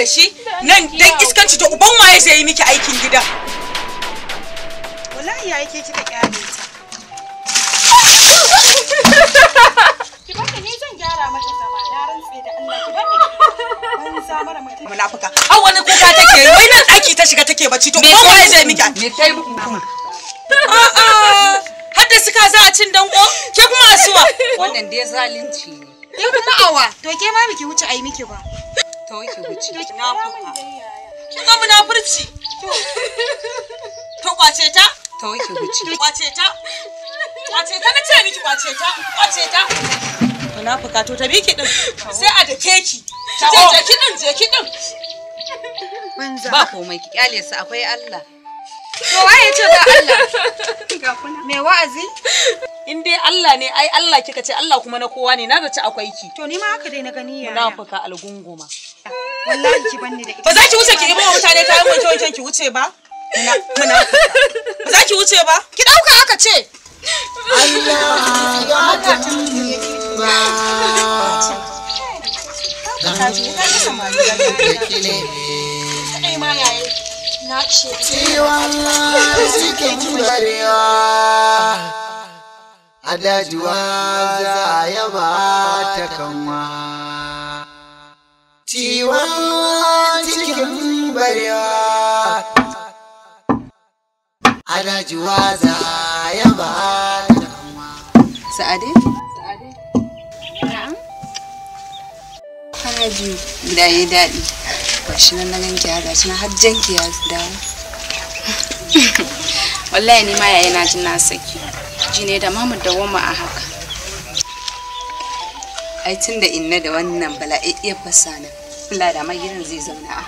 da shi nan dan iskanci to uban waye zai yi miki aikin gida wallahi ya yake kika kyale ta ki bani ni zan gyara mata zama na rantse da Allah ki bani wani kuka take wai nan ta shiga take bacci to uban waye zai miki me kai kuma a'a da suka za a cin danko ke kuma asuwa wannan dai zalunci ne ke kuma awa to ke ma biki wuce ai miki ba ta wuce wuce na fuka kin munafurci to kwace ta ta wuce wuce kwace ta kwace ta na ce miki kwace ta kwace ta munafuka to ta bi ki din sai a dake ki je je ki din je ki din banza ba komai ki kyale su akwai Allah to waye ce ga Allah me wa'azi in dai Allah ne ai Allah kika ce Allah kuma na kowa ne na zaci akwai ki to ni ma haka dai na gani ya munafuka algunguma wallahi ki banni ba za ki wuce ki ibo mutane kayan wanke wanken ki wuce ba ba za ki wuce ba ki dauka aka ce Allah ya Adajuwa za a yaba ta kanwa. ciwon cikin barewa ana juwa za ya ba sa'ade kana ji da ya daɗi Gashi nan na nan ki gashi shi har janki ya dawo wallahi ni ma yayi na jin na saki ji ne da mamu dawoma a haka ai tunda inna da wannan bala'iyar fasanin Billa da mai gidan zai zauna a.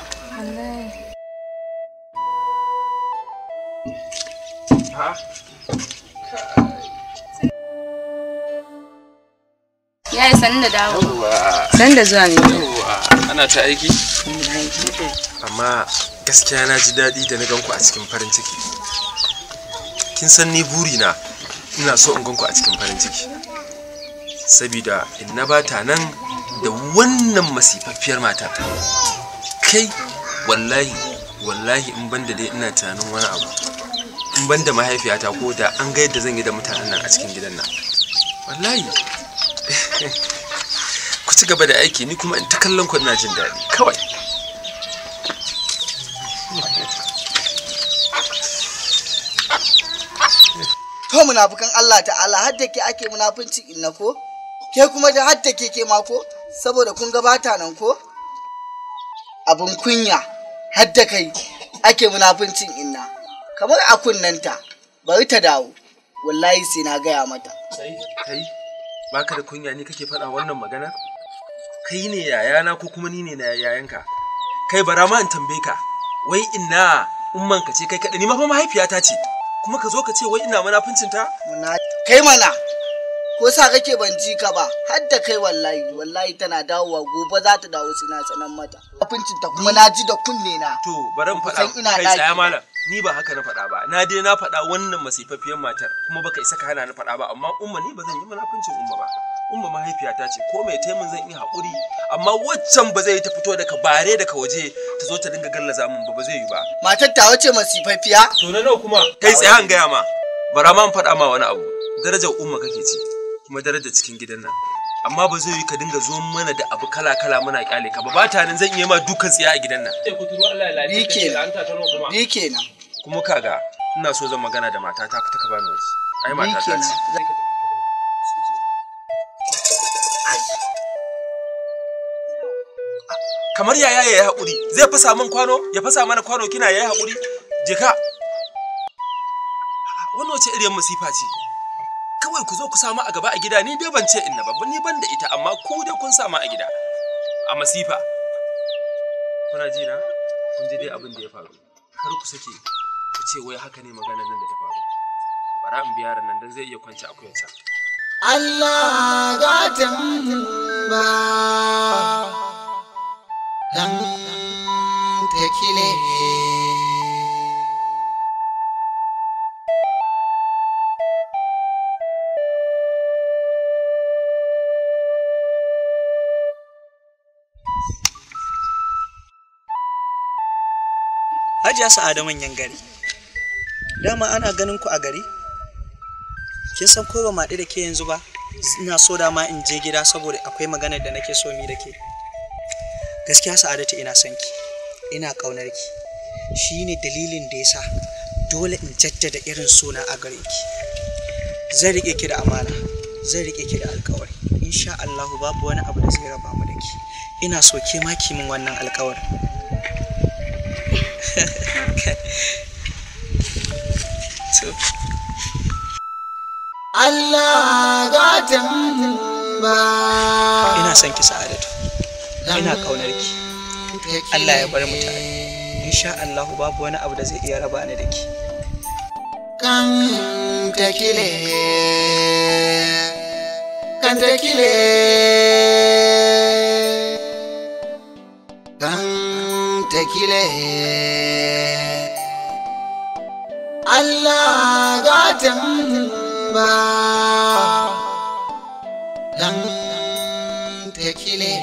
Ya yi sanin da dawo. Sanin da zuwa mai Ana ta aiki? Amma gaskiya na ji daɗi da na ganku a cikin farin ciki. Kin san ni burina ina so in ganku a cikin farin ciki. Sabida in na bata nan da wannan masifaffiyar mata kai wallahi wallahi in banda dai ina tunanin wani abu in banda mahaifiyata ko da an ga yadda zan yi da mutanen nan a cikin gidan nan wallahi ku ci gaba da aiki ni kuma in ta kallon ku ina jin daɗi kawai to munafukan Allah ta'ala har da ke ake munafunci inna ko ke kuma da har da ke ke mako? ko saboda kun gabata nan ko abin kunya har da kai ake munafincin inna kamar a kunnanta bari ta dawo wallahi sai na gaya mata kai kai baka da kunya ne kake faɗa wannan magana kai ne yayana ko kuma ni ne na yayanka kai bara ma in tambaye ka wai inna umman ka ce kai kaɗai ni ma fa mahaifiyata ce kuma ka zo ka ce wai ina munafincinta? kai mana ko sa kake ban ji ka ba har da kai wallahi wallahi tana dawowa gobe za ta dawo na sanan mata abincin ta kuma na ji da kunne na to bari mu faɗa kai tsaya malam ni ba haka na faɗa ba na dai na faɗa wannan masifafiyar matar kuma baka isa ka hana na faɗa ba amma umma ni ba zan yi munafincin umma ba umma mahaifiyata ce ko mai taimun zan yi haƙuri amma waccan ba zai ta fito daga bare daga waje ta zo ta dinga gallaza min ba ba zai yi ba matar ta wace masifafiya to na nawa kuma kai tsaya an gaya ma bara ma faɗa ma wani abu darajar umma kake ci kuma daraja cikin gidan nan amma ba zai yi ka dinga zo mana da abu kala kala muna kyale ka ba ba ta nan zan iya ma dukan tsiya a gidan nan eh, ni kenan ni kenan kuma kaga ina so zan magana da mata, ta ka bani waje ai mata ta ce kamar yaya ya yi haƙuri zai fasa min kwano ya fasa mana kwano kina ya yi haƙuri jika wannan wace irin masifa ce wai ku zo ku samu a gaba a gida ni dai ban ce inna ba ni ban da ita amma ku dai kun samu a gida a masifa kuna ji na kun ji dai abin da ya faru kar ku sake ku ce wai haka ne maganar nan da ta faru bara in biya ran nan dan zai iya kwanci a kuyanta Allah gatan ba dan tekile hajiya da manyan gari dama ana ganin ku a gari kin san ko ba maɗi da ke yanzu ba ina so da ma in je gida saboda akwai magana da nake so mi da ke gaskiya sa'adatu ina son ki ina ƙaunar ki shine dalilin da yasa dole in jaddada irin suna a gare ki zan rike ki da amana zan rike ki da alƙawari insha Allah babu wani abu da zai raba mu da ki ina so ke ma ki min wannan alƙawarin Allah gatan ba ina son ki sa'adatu ina kaunar ki Allah ya bar mu tare insha Allah babu wani abu da zai iya raba ni da ki kan takile kan takile da kile Allah gatan ba nan ta kile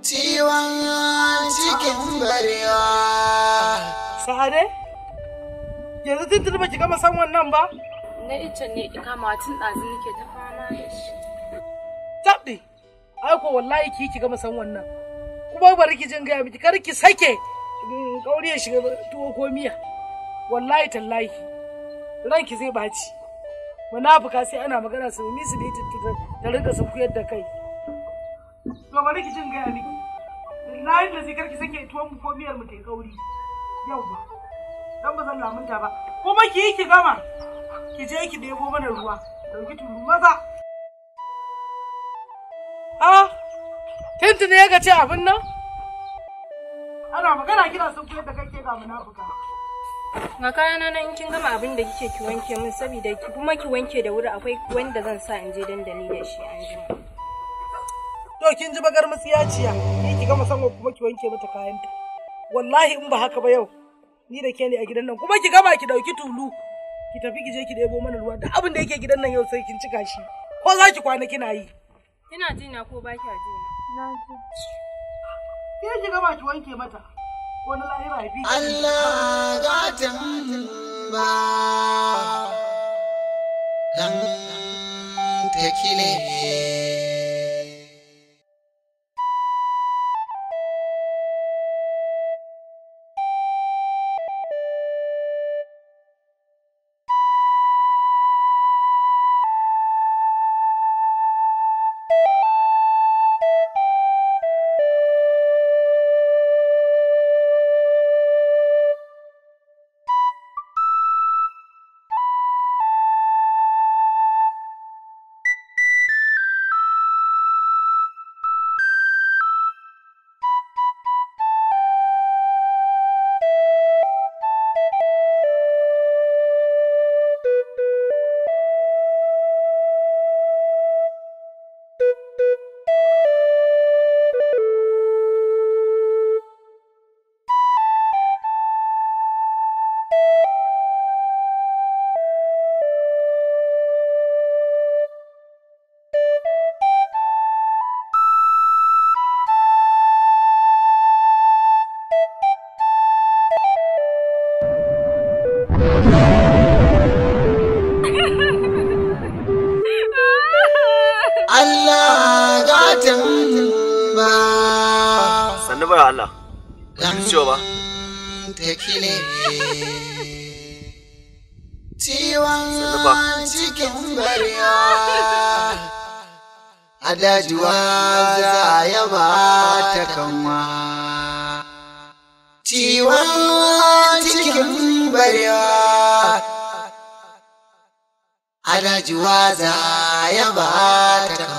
ciwon cikin barewa sahare yanzu tuntun ba ki gama san wannan ba na icen ne kama tun ɗazu nake ta fama da shi tabdi ai ko wallahi ki ki gama san wannan kuma bari ki jin gaya miki kar ki sake kauriya ya shiga tuwo ko miya wallahi tallahi ki zai baci munafuka sai ana magana su mi su bi da rinka kuyar da kai to bari ki jin gaya miki na yi da zai kar ki sake tuwon mu ko miyar mu kai kauri yau ba dan ba zan lamunta ba kuma ki yi ki gama ki je ki debo mana ruwa dauki tulu maza ah Tinti ne ya ga ce abin nan? Ana magana kina sun ku yadda kai ke ga munafuka. Ga kayana nan in kin gama abin da kike ki wanke min saboda ki kuma ki wanke da wuri akwai wanda zan sa in je dandali da shi an jima. To kin ji bagar musiyaciya, ni ki gama sanwa kuma ki wanke mata kayanta. Wallahi in ba haka ba yau, ni da ke ne a gidan nan kuma ki gama ki dauki tulu. Ki tafi ki je ki debo mana ruwa da abin da yake gidan nan yau sai kin cika shi. Ko za ki kwana kina yi? Kina jina ko ba ki ji Ke shiga ba ki wanke mata. Wani lahira bi. Allah gatan ba. Dan takile. sannu ba Allah ba ki ciwo ba ciwon cikin bariya adajuwa za a yaba ta kanwa ciwon cikin bariya adajuwa za a yaba ta kanwa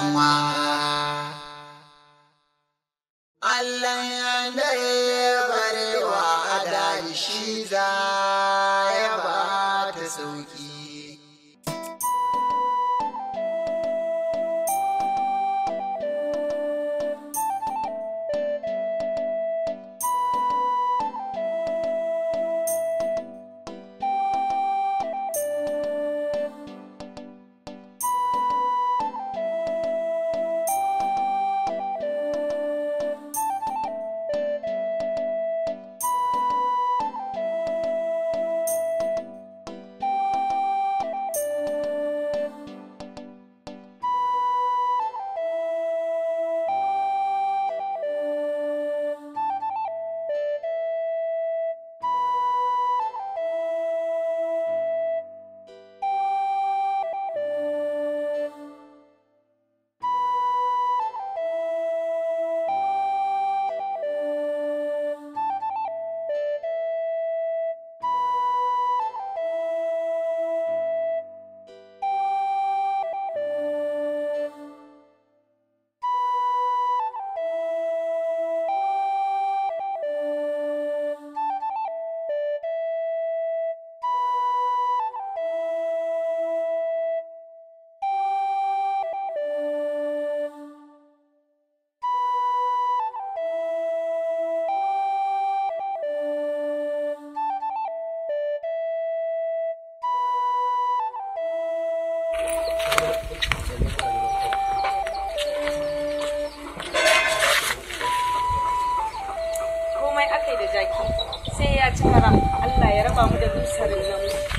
komai aka yi da jaki sai ya ci kara Allah ya raba mu da dusar nan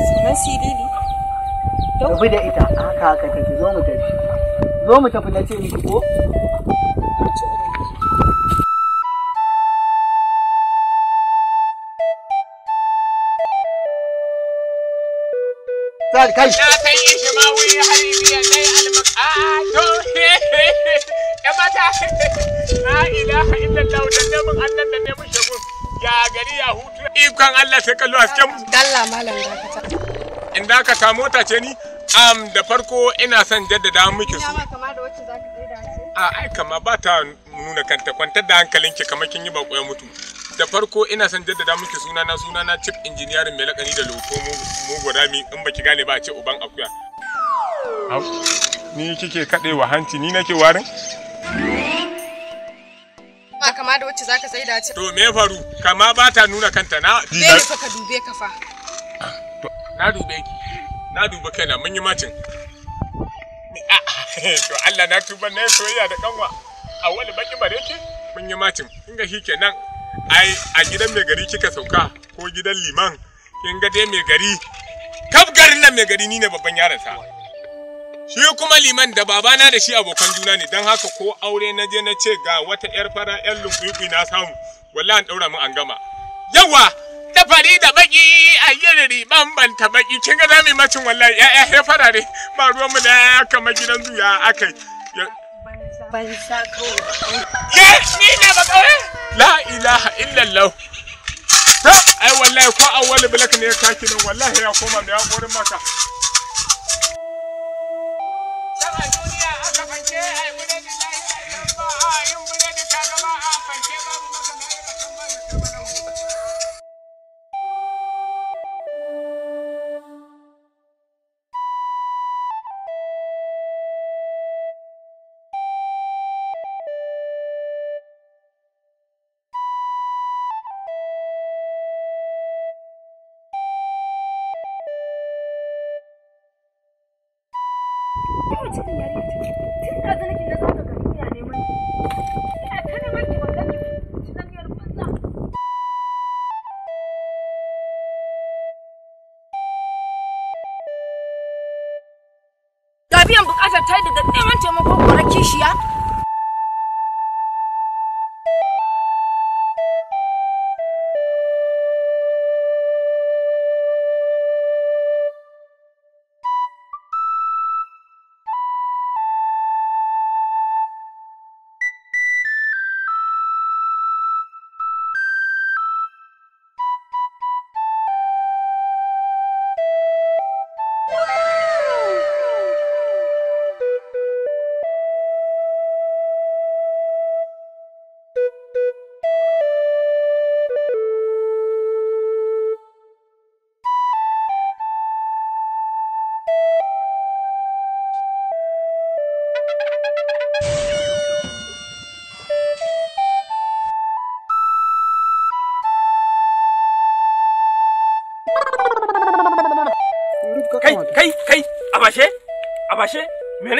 sunan sirili tafi da ita haka haka take zo mu tafi zo mu tafi na ce miki ko roƙon Allah sai kallo a cikin dalla malam dakata in da ka samu mota ce ni am da farko ina son jaddada miki su a ai kama ba ta nuna kanta kwantar da hankalin ki kamar kin yi bako ya mutu da farko ina son jaddada miki suna na suna na chief engineer mai lakani da loto mu gurami in baki gane ba a ce uban akuya ni kike kadewa hanci ni nake warin kama da wacce zaka ce. To me faru? Kama ba ta nuna kanta na. Dole fa ka dube ka fa. Ah, na dube ki. Na duba kaina mun yi macin. Ah, to Allah na tuba ne soyayya da kanwa. A wani baki bare ki mun yi macin. Kin ga shikenan. Ai a gidan mai gari kika sauka ko gidan liman. Kin ga dai mai gari. Kaf garin nan mai gari ni ne babban yaron sa. shi kuma liman da babana da shi abokan juna ne don haka ko aure na je na ce ga wata yar fara yar lukwikwi na samu wallahi an daura min an gama yawa da fari da baki a yin riban banta baki kin ga zamu macin wallahi ya ya fara ne ba ruwan mu da ya kama gidan zuya akai banza ni ne ba la ilaha illallah ai wallahi ko awwal bilak ne ka kinan wallahi ya koma da ya korin maka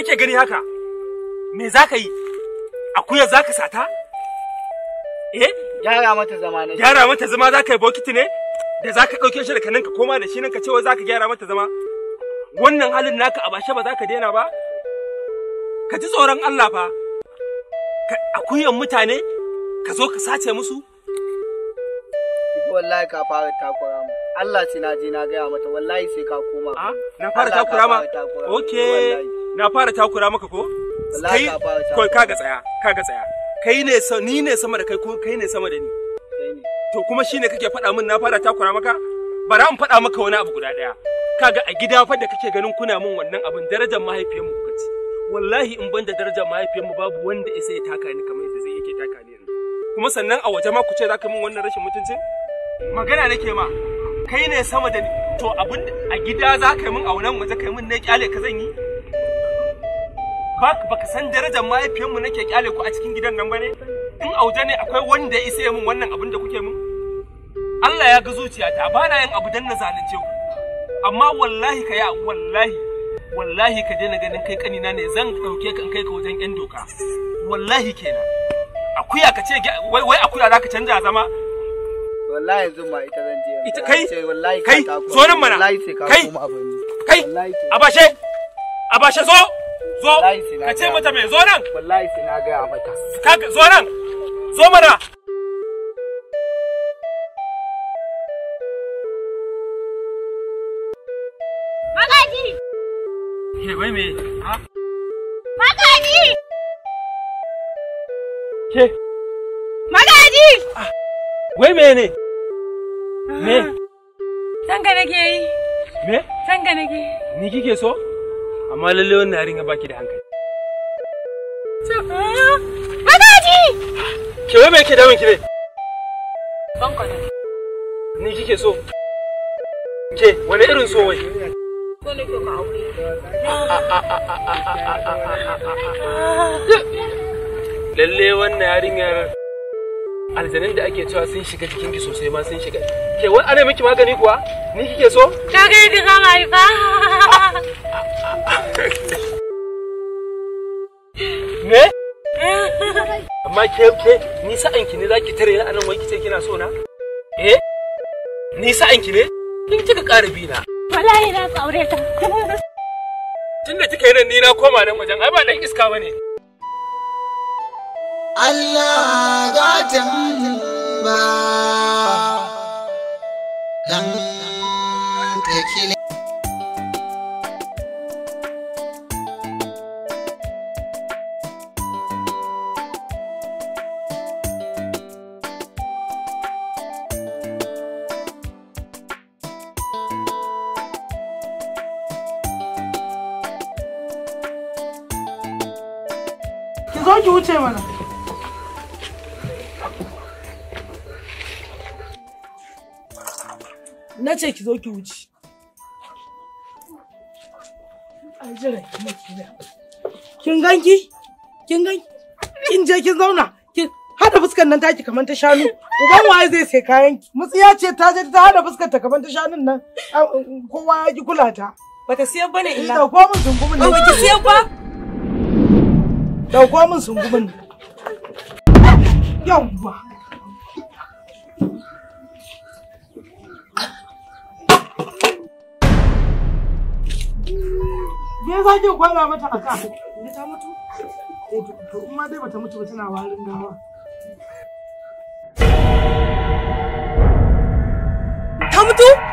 nake gani haka me za ka yi akuya za ka sata eh gyara mata zama ne gyara mata zama za ka yi bokiti ne da za ka ɗauke shi da kanin ka koma da shi nan ka cewa za ka gyara mata zama wannan halin naka a bashe ba za ka daina ba ka ji tsoron Allah fa akuyan mutane ka zo ka sace musu wallahi ka fara takura mu Allah ce na je na gaya mata wallahi sai ka koma ah? na fara takura ma okay na fara takura maka ko kai ko kaga tsaya kaga tsaya kai ne ni ne sama da kai ko kai ne sama da ni to kuma shine kake faɗa min na fara takura maka bara in faɗa maka wani abu guda ɗaya kaga a gida fa da kake ganin kuna min wannan abin darajar mahaifiyarmu mu ci wallahi in banda darajar mu babu wanda ya sai taka ni kamar yadda zai yake taka ni yanzu kuma sannan a waje ma ku ce zaka min wannan rashin mutuncin magana nake ma kai ne sama da ni to abin a gida za ka yi min a wannan waje kai min ne kyale ka zan yi ba baka san darajar mahaifiyarmu nake kyale ku a cikin gidan nan ba ne in auje ne akwai wanda ya isa min wannan abin da kuke min Allah ya ga zuciyata ba na yin abu dan na zalunce ku amma wallahi ka ya wallahi wallahi ka daina ganin kai kanina ne zan ɗauke ka in kai ka wajen yan doka wallahi kenan akuya ka ce wai wai akuya za ka canja zama wallahi yanzu ma ita zan je ita kai kai zo nan mana kai kai abashe abashe zo zo ka ce mata mai zo nan zo nan zo mana Magaji! Ke Ha? Magaji! Ah, wai me ne? Me? Ah, Sanka nake yi. Me? nake. Ni kike so? amma lalle wannan yarinya baki da hankali Magaji! Ke wai me ke damun ki ne? Banko ne. Ni kike so? Ke wani irin so wai? Wani ke ka aure. Lalle wannan yarinyar aljanin da ake cewa sun shiga cikin ki sosai ma sun shiga. Ke wani ana miki magani kuwa? Ni kike so? Ka ga yadda ka amma ke ke ni sa'an ki ne zaki tare ni anan wai kice kina so na eh ni sa'an ki ne kin kika ƙara bi na wallahi na aure ta tunda kika yi nan ni na koma nan wajen ai ba dan iska bane Allah ga tamba dan takile zo wuce mana na ce ki zo ki wuce an jira ki kin ganki kin ganki kin je kin zauna kin hada fuskar nan taki kamar ta shanu uban waye zai sai kayan ki mutsiya ce ta je ta hada fuskar ta kamar ta shanun nan kowa ya ki kula ta bata siyan bane illa ko mun zungumin ne bata siyan ba Dauko min sungumin. Yawwa. Me yasa ke gwada mata a ka? Da ta mutu? Eh, to in ma dai bata mutu ba tana warin gawa. Ta mutu?